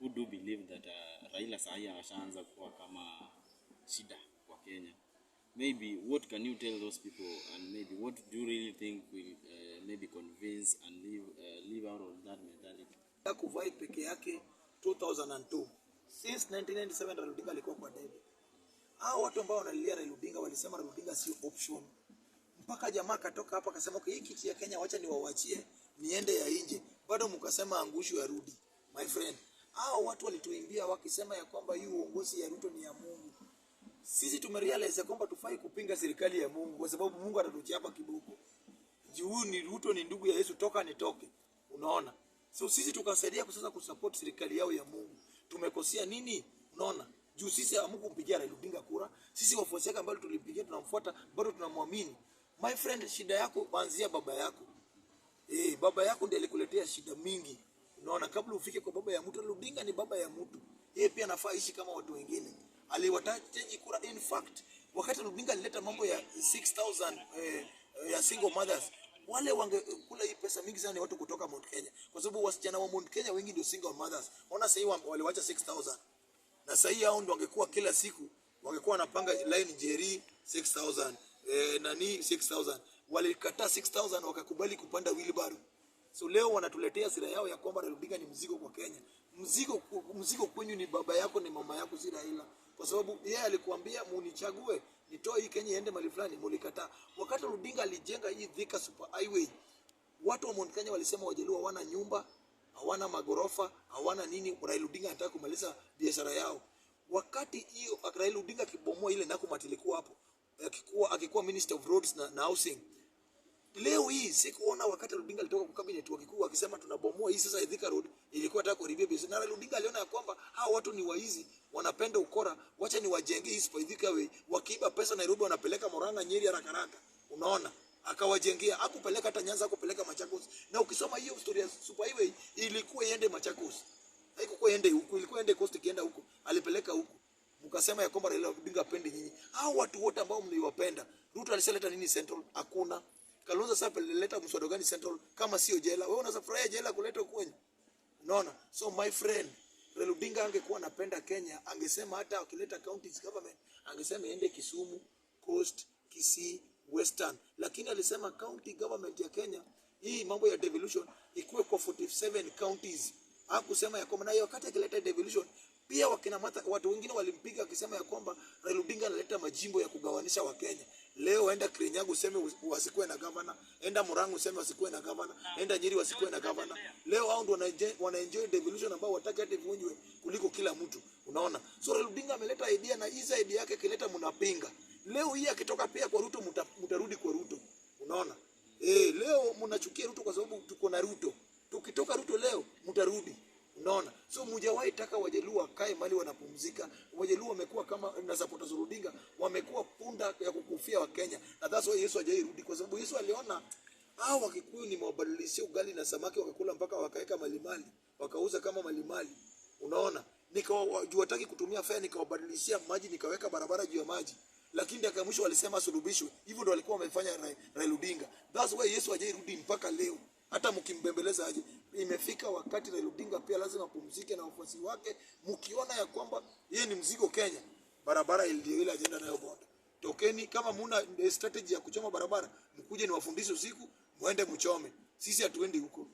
who do believe that uh, Raila sahi ashaanza kuwa kama shida kwa Kenya. Maybe what can you tell those people and maybe what do you really think will uh, maybe convince and leave, uh, leave out of that mentality? Kuvai peke yake 2002 since 1997 Raila Odinga alikuwa kwa debe. Hao watu ambao wanalilia Raila Odinga walisema Raila Odinga sio option. Mpaka jamaa katoka hapa akasema okay, hii kiti ya Kenya wacha niwawachie niende ya nje. Bado mkasema angushu arudi. My friend, hao watu walituimbia wakisema ya kwamba hii uongozi ya Ruto ni ya Mungu. Sisi tumerealize kwamba tufai kupinga serikali ya Mungu kwa sababu Mungu atatuchapa kiboko. Juu ni Ruto ni ndugu ya Yesu, toka nitoke. Unaona? So sisi tukasaidia kusasa kusupport serikali yao ya Mungu. Tumekosea nini? Unaona? Juu sisi hamkumpigia Raila Odinga kura. Sisi wafuasi wake ambao tulimpigia tunamfuata, bado tunamwamini. My friend, shida yako kuanzia baba yako. Eh, baba yako ndiye alikuletea shida mingi. Naona kabla ufike kwa baba ya mtu, Odinga ni baba ya mtu, yeye pia anafaa ishi kama watu wengine. Aliwataji kura. In fact, wakati Odinga alileta mambo ya 6000 eh, ya single mothers wale wange kula hii pesa mingi sana ni watu kutoka Mount Kenya, kwa sababu wasichana wa Mount Kenya wengi ndio single mothers. Ona sasa hivi waliwacha 6000 na sasa hivi hao ndio wangekuwa kila siku wangekuwa wanapanga line Njeri 6000 eh, nani 6000 walikataa 6000 wakakubali kupanda wheelbarrow. So leo wanatuletea sira yao ya kwamba Raila Odinga ni mzigo kwa Kenya. Mzigo mzigo kwenyu ni baba yako ni mama yako, si Raila, kwa sababu yeye alikuambia munichague nitoe hii Kenya iende mahali fulani, mulikataa. Wakati Odinga alijenga hii Thika super highway, watu wa Mount Kenya walisema Wajaluo hawana nyumba, hawana magorofa, hawana nini. Raila Odinga anataka kumaliza biashara yao. Wakati hiyo Raila Odinga akibomoa ile Nakumatt ilikuwa hapo, akikuwa akikuwa Minister of Roads na, na housing Leo hii sikuona wakati Rudinga alitoka kwa cabinet wakikuu akisema tunabomoa hii sasa Thika Road, ilikuwa taka kuribia business. Na Rudinga aliona ya kwamba hawa watu ni waizi, wanapenda ukora, wacha ni wajenge hii Super Thika Way. Wakiiba pesa Nairobi wanapeleka Murang'a, Nyeri haraka haraka. Unaona? Akawajengea, akupeleka hata Nyanza, akupeleka Machakos. Na ukisoma hiyo story ya Super Highway ilikuwa iende Machakos. Haikuwa iende huko, ilikuwa iende Coast ikienda huko. Alipeleka huko. Mkasema ya kwamba Raila Odinga apende nyinyi. Hao watu wote ambao mliwapenda, Ruto alisaleta nini Central? Hakuna. Kalonzo sasa peleta mswada gani Central kama sio jela? Wewe unaweza furahia jela kuletwa kwenye. Unaona? So my friend, Raila Odinga angekuwa anapenda Kenya, angesema hata akileta county government, angesema iende Kisumu, Coast, Kisii, Western. Lakini alisema county government ya Kenya hii mambo ya devolution ikuwe kwa 47 counties. Hakusema ya kwamba na wakati akileta devolution pia wakina mata, watu wengine walimpiga akisema ya kwamba Raila Odinga analeta majimbo ya kugawanisha wa Kenya. Leo enda Kirinyaga useme wasikuwe na gavana, enda Murang'a useme wasikuwe na gavana, enda Nyeri wasikuwe na gavana. Leo hao ndio wanaenjoy, wanaenjoy devolution ambao wataki hata ivunjwe kuliko kila mtu. Unaona? So Raila Odinga ameleta idea na hizi idea yake kileta mnapinga. Leo hii akitoka pia kwa Ruto mtarudi kwa Ruto. Unaona? Eh, leo mnachukia Ruto kwa sababu tuko na Ruto. Tukitoka Ruto leo mtarudi. Unaona? So mujawahi taka Wajaluo wakae mali wanapumzika. Wajaluo wamekuwa kama na supporters Odinga, wamekuwa punda ya kukua wa Kenya. na that's why Yesu hajairudi, kwa sababu Yesu aliona hao ah, Wakikuyu nimewabadilishia ugali na samaki, wakakula mpaka wakaweka malimali, wakauza kama malimali, unaona nikawajuataki kutumia fea, nikawabadilishia maji, nikaweka barabara juu ya maji, lakini dakika mwisho walisema surubishwe. Hivyo ndo walikuwa wamefanya Raila Odinga. That's why Yesu hajairudi mpaka leo, hata mkimbembeleza aje. Imefika wakati Raila Odinga pia lazima apumzike na wafuasi wake, mkiona ya kwamba yeye ni mzigo Kenya. Barabara ile ile ajenda nayo bonda Tokeni kama muna eh, strategy ya kuchoma barabara, mkuje niwafundishe usiku, muende mchome. Sisi hatuendi huko.